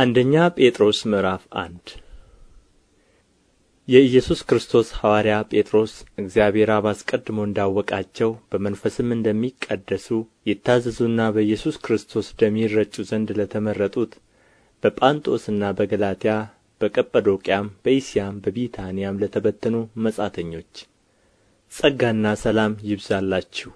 አንደኛ ጴጥሮስ ምዕራፍ አንድ የኢየሱስ ክርስቶስ ሐዋርያ ጴጥሮስ እግዚአብሔር አብ አስቀድሞ እንዳወቃቸው በመንፈስም እንደሚቀደሱ ይታዘዙና በኢየሱስ ክርስቶስ ደም ይረጩ ዘንድ ለተመረጡት በጳንጦስና በገላትያ በቀጰዶቅያም በኢስያም በቢታንያም ለተበተኑ መጻተኞች ጸጋና ሰላም ይብዛላችሁ።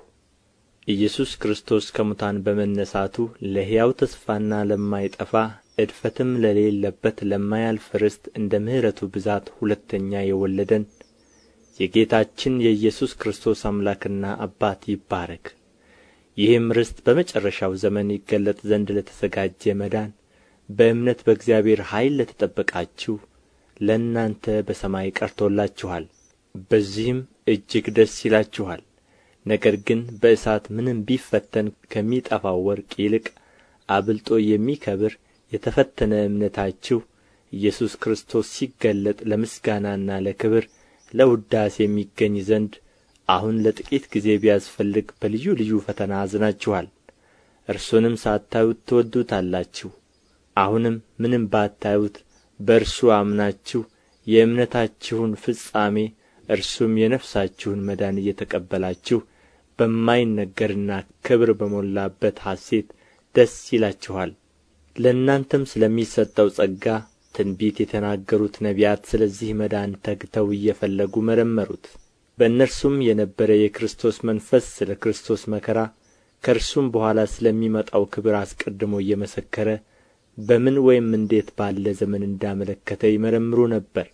ኢየሱስ ክርስቶስ ከሙታን በመነሳቱ ለሕያው ተስፋና ለማይጠፋ እድፈትም ለሌለበት ለማያልፍ ርስት እንደ ምሕረቱ ብዛት ሁለተኛ የወለደን የጌታችን የኢየሱስ ክርስቶስ አምላክና አባት ይባረክ ይህም ርስት በመጨረሻው ዘመን ይገለጥ ዘንድ ለተዘጋጀ መዳን በእምነት በእግዚአብሔር ኃይል ለተጠበቃችሁ ለእናንተ በሰማይ ቀርቶላችኋል። በዚህም እጅግ ደስ ይላችኋል። ነገር ግን በእሳት ምንም ቢፈተን ከሚጠፋው ወርቅ ይልቅ አብልጦ የሚከብር የተፈተነ እምነታችሁ ኢየሱስ ክርስቶስ ሲገለጥ ለምስጋናና ለክብር ለውዳሴ የሚገኝ ዘንድ አሁን ለጥቂት ጊዜ ቢያስፈልግ በልዩ ልዩ ፈተና አዝናችኋል። እርሱንም ሳታዩት ትወዱታላችሁ። አሁንም ምንም ባታዩት በእርሱ አምናችሁ የእምነታችሁን ፍጻሜ እርሱም የነፍሳችሁን መዳን እየተቀበላችሁ በማይነገርና ክብር በሞላበት ሐሴት ደስ ይላችኋል። ለእናንተም ስለሚሰጠው ጸጋ ትንቢት የተናገሩት ነቢያት ስለዚህ መዳን ተግተው እየፈለጉ መረመሩት በእነርሱም የነበረ የክርስቶስ መንፈስ ስለ ክርስቶስ መከራ ከእርሱም በኋላ ስለሚመጣው ክብር አስቀድሞ እየመሰከረ በምን ወይም እንዴት ባለ ዘመን እንዳመለከተ ይመረምሩ ነበር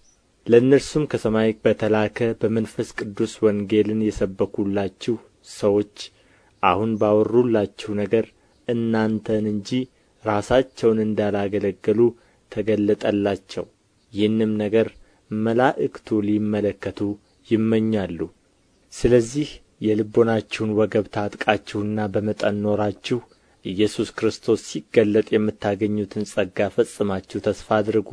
ለእነርሱም ከሰማይ በተላከ በመንፈስ ቅዱስ ወንጌልን የሰበኩላችሁ ሰዎች አሁን ባወሩላችሁ ነገር እናንተን እንጂ ራሳቸውን እንዳላገለገሉ ተገለጠላቸው ይህንም ነገር መላእክቱ ሊመለከቱ ይመኛሉ ስለዚህ የልቦናችሁን ወገብ ታጥቃችሁና በመጠን ኖራችሁ ኢየሱስ ክርስቶስ ሲገለጥ የምታገኙትን ጸጋ ፈጽማችሁ ተስፋ አድርጉ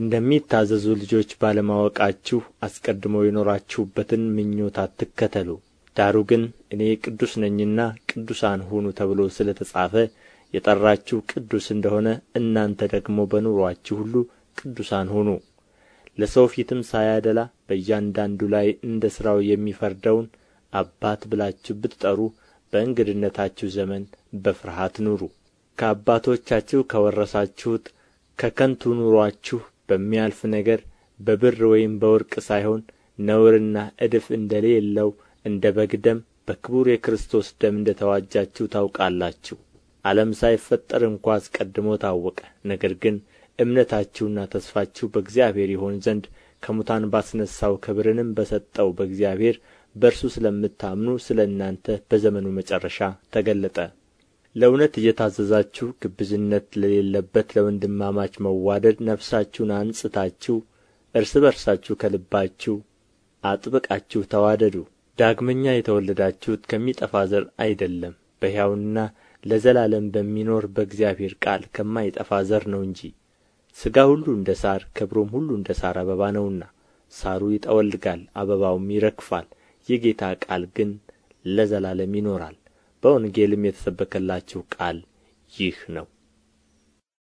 እንደሚታዘዙ ልጆች ባለማወቃችሁ አስቀድሞ የኖራችሁበትን ምኞት አትከተሉ ዳሩ ግን እኔ ቅዱስ ነኝና ቅዱሳን ሁኑ ተብሎ ስለ ተጻፈ የጠራችሁ ቅዱስ እንደ ሆነ እናንተ ደግሞ በኑሮአችሁ ሁሉ ቅዱሳን ሁኑ ለሰው ፊትም ሳያደላ በእያንዳንዱ ላይ እንደ ሥራው የሚፈርደውን አባት ብላችሁ ብትጠሩ በእንግድነታችሁ ዘመን በፍርሃት ኑሩ ከአባቶቻችሁ ከወረሳችሁት ከከንቱ ኑሮአችሁ በሚያልፍ ነገር በብር ወይም በወርቅ ሳይሆን ነውርና እድፍ እንደሌለው እንደ በግ ደም በክቡር የክርስቶስ ደም እንደ ተዋጃችሁ ታውቃላችሁ ዓለም ሳይፈጠር እንኳ አስቀድሞ ታወቀ ነገር ግን እምነታችሁና ተስፋችሁ በእግዚአብሔር ይሆን ዘንድ ከሙታን ባስነሣው ክብርንም በሰጠው በእግዚአብሔር በእርሱ ስለምታምኑ ስለ እናንተ በዘመኑ መጨረሻ ተገለጠ። ለእውነት እየታዘዛችሁ ግብዝነት ለሌለበት ለወንድማማች መዋደድ ነፍሳችሁን አንጽታችሁ እርስ በርሳችሁ ከልባችሁ አጥብቃችሁ ተዋደዱ። ዳግመኛ የተወለዳችሁት ከሚጠፋ ዘር አይደለም በሕያውና ለዘላለም በሚኖር በእግዚአብሔር ቃል ከማይጠፋ ዘር ነው እንጂ ሥጋ ሁሉ እንደ ሣር ክብሩም ሁሉ እንደ ሣር አበባ ነውና ሣሩ ይጠወልጋል አበባውም ይረግፋል የጌታ ቃል ግን ለዘላለም ይኖራል በወንጌልም የተሰበከላችሁ ቃል ይህ ነው